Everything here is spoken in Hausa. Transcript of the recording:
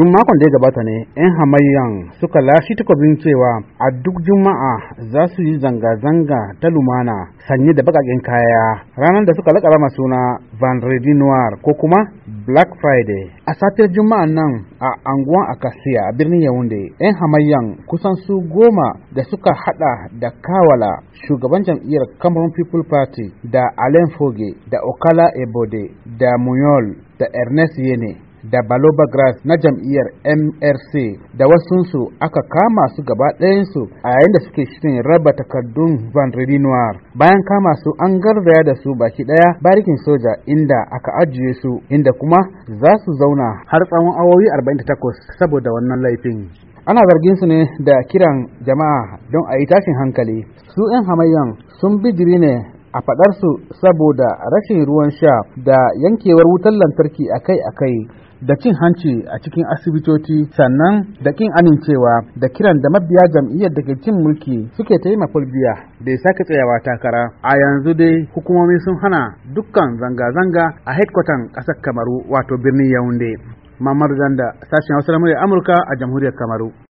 tun makon da ya gabata ne 'yan hamayyan suka lashe takobin cewa a duk juma'a za su yi zanga-zanga ta lumana sanye da bakakin kaya ranar da suka masu suna vendredi noir ko kuma black friday a satar juma'a nan a anguwan akasiya a birnin yaounde 'yan hamayyan kusan su goma da suka hada da kawala shugaban jam'iyyar cameroon people party da alain foge da okala ebode da muyol da ernest yene da balobagras na jam'iyyar mrc da wasunsu aka kama su gaba ɗayansu a yayin da suke shirin raba takardun van noir bayan kama su an garzaya da su baki ɗaya barikin soja inda aka ajiye su inda kuma za su zauna har tsawon awowi 48 saboda wannan laifin ana zargin su ne da kiran jama'a don a yi tashin hankali su 'yan hamayyan sun bijiri ne a su saboda rashin ruwan sha da yankewar wutar lantarki akai-akai da cin hanci a cikin asibitoci sannan da kin amincewa da kiran da mabiya jam'iyyar da ke cin mulki suke ta yi mafulbiya da ya sake tsayawa takara a yanzu dai hukumomi sun hana dukkan zanga-zanga a hedkwatan ƙasar kamaru wato birnin yaounde mamar zanda sashen hausa na amurka a jamhuriyar kamaru